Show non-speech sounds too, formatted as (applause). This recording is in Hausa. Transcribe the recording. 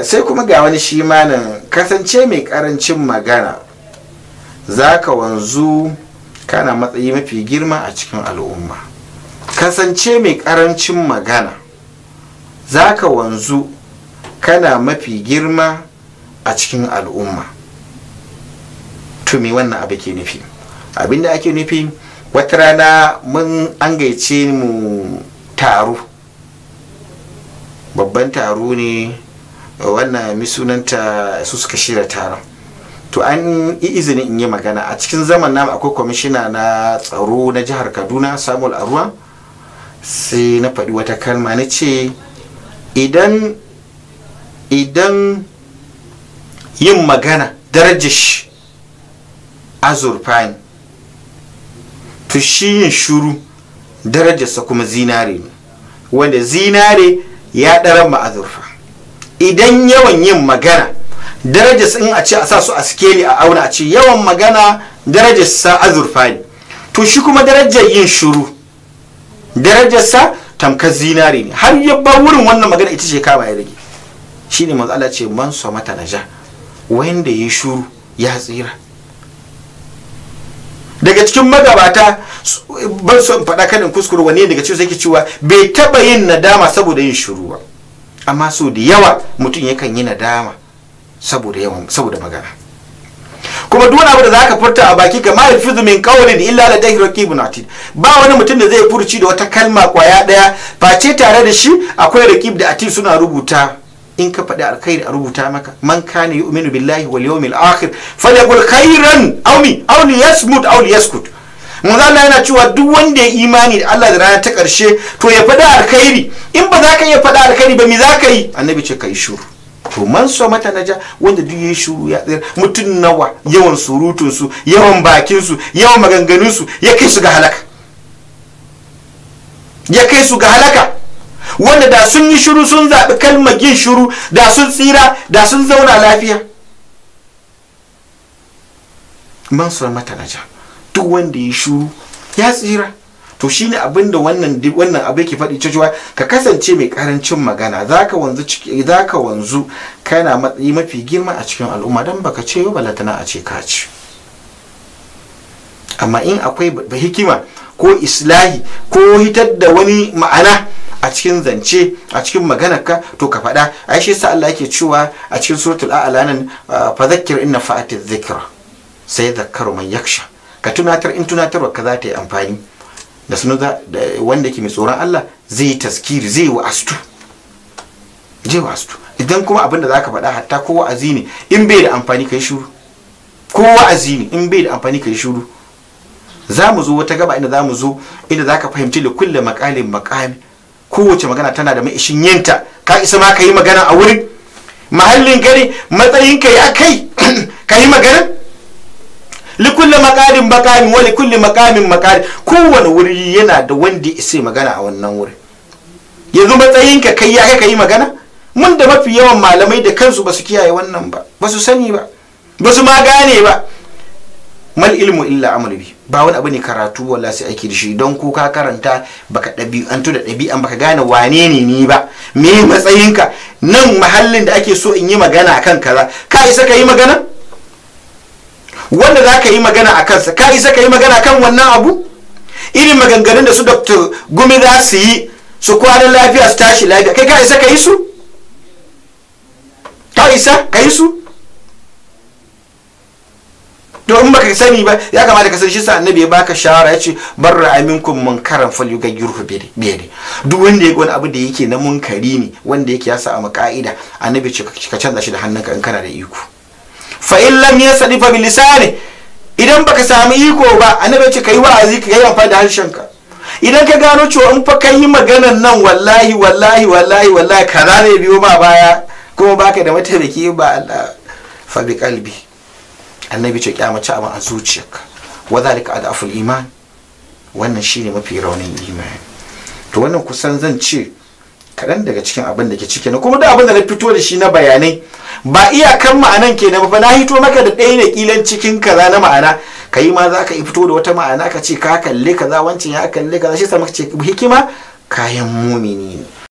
sai kuma ga wani shi nan kasance mai karancin magana za ka wanzu kana matsayi mafi girma a cikin al'umma kasance mai karancin magana za ka wanzu kana mafi girma a cikin al'umma to me wannan abu ke nufi abinda ake nufi wata rana mun an gaice mu taro babban taro ne wannan mi sunanta su suka shirya taron to an yi izinin in yi magana a cikin zaman nan akwai kwamishina na tsaro na jihar kaduna samuel aruwa sai na faɗi wata kalma na ce idan idan yin magana darajish azurfa ne to shi yin shuru darajarsa kuma zinare ne wanda zinare ya ɗaran ma azurfa idan yawan yin magana daraja in a ce a sa su a skeli a auna a ce yawan magana daraja sa azurfa ne to shi kuma darajar yin shuru darajar sa tamkar zinare ne har ya ba wurin wannan magana ita ce kama ya rage shi ne Allah ce man so mata naja wanda ya shuru ya tsira daga cikin magabata ban so in faɗa kanin kuskure wani daga cikin sai ke cewa bai taɓa yin nadama saboda yin shuru ba amma so da yawa mutum yakan yi nadama saboda magana kuma duk wani abu da za ka furta a baki kamar ga zumin min qawlin illa ladayhi raqibun atid ba wani mutum da zai furci da wata kalma kwaya daya face tare da shi akwai rakib da atid suna rubuta in ka faɗi alkhairi a rubuta maka man kana yu'minu billahi wal yawmil akhir falyaqul khairan aw mi aw liyasmut aw liyaskut maza na yana cewa duk wanda ya imani da Allah da rana ta karshe to ya faɗa alkhairi in ba za ka iya faɗa alkhairi ba me za ka yi annabi ce ka yi shuru to man so mata naja wanda duk yayi shuru ya tsira mutum nawa yawan surutun su yawan bakin su yawan maganganun su ya kai su ga halaka ya kai su ga halaka wanda da sun yi shuru sun zaɓi kalmar yin shiru da sun tsira da sun zauna lafiya man so mata naja duk wanda ya shuru ya tsira to shine abin da wannan wannan abu yake faɗi cewa ka kasance mai karancin magana zaka wanzu zaka wanzu kana matsayi mafi girma a cikin al'umma dan baka ce ba balatana a ce ka ci amma in akwai hikima ko islahi ko hitar da wani ma'ana a cikin zance a cikin ka to ka faɗa a shi sa Allah yake cewa a cikin suratul a'la nan fa zakkir inna fa'atiz zikra sai zakkaru man yaksha ka tunatar in tunatarwa ka za ta yi amfani da sunu wanda ke mai tsoron Allah zai yi taskiri zai wa astu zai wa astu idan kuma abin da zaka faɗa hatta ko wa'azi ne in bai da amfani kai shuru ko wa'azi ne in bai da amfani kai shuru za mu zo wata gaba inda za mu zo inda za ka fahimci da kulle makalin makami kowace magana tana da ma'ishin yinta ka isa ma ka yi magana a wurin mahallin gari matsayin (coughs) ka yi a kai ka yi magana likulli makarin bakarin wani kulli makamin makarin kowane wuri yana da wanda ya isa magana a wannan wuri yanzu matsayinka kai ya kai yi magana mun da mafi yawan malamai da kansu basu kiyaye wannan ba basu sani ba basu ma gane ba mal ilmu illa amal bi ba wani abu ne karatu walla sai ake da shi don ko ka karanta baka ɗabi'antu da ɗabi'an baka gane wane ne ni ba me matsayinka nan mahallin da ake so in yi magana kan kaza ka isa ka yi magana wanda za ka yi magana a kansa ka isa ka yi magana kan wannan abu irin maganganun da su dr gumi za su yi su kwanan lafiya su tashi lafiya kai ka isa ka yi su ka isa ka yi su to in baka sani ba ya kamata ka san shi sa annabi ya baka shawara ya ce barra aminkum munkaran ga bi yadi duk wanda yake wani abu da yake na munkari ne wanda yake ya sa a maka'ida annabi ce ka canza shi da hannunka in kana da iko fa in lam yasadi fa bilisani idan baka sami iko ba annabi ce yi wa'azi ka yi amfani da harshenka idan ka gano cewa in fa kai maganar nan wallahi wallahi wallahi wallahi Ka za ne biyo ma baya kuma baka da mataimaki ba Allah fa bi qalbi annabi ce kyamace abin a zuciyarka wa zalika adaful iman wannan shine mafi raunin imani to wannan kusan zan ce kaɗan daga cikin abin da ke ciki na kuma da abin da na fito da shi na bayanai ba iyakan ma'anan ke ba na hito maka da ɗaya ne kilan cikin kaza na ma'ana ka ma za ka fito da wata ma'ana ka ce ka kalli kaza wancan ya kalli kaza shi sa muka ce hikima kayan mumini ne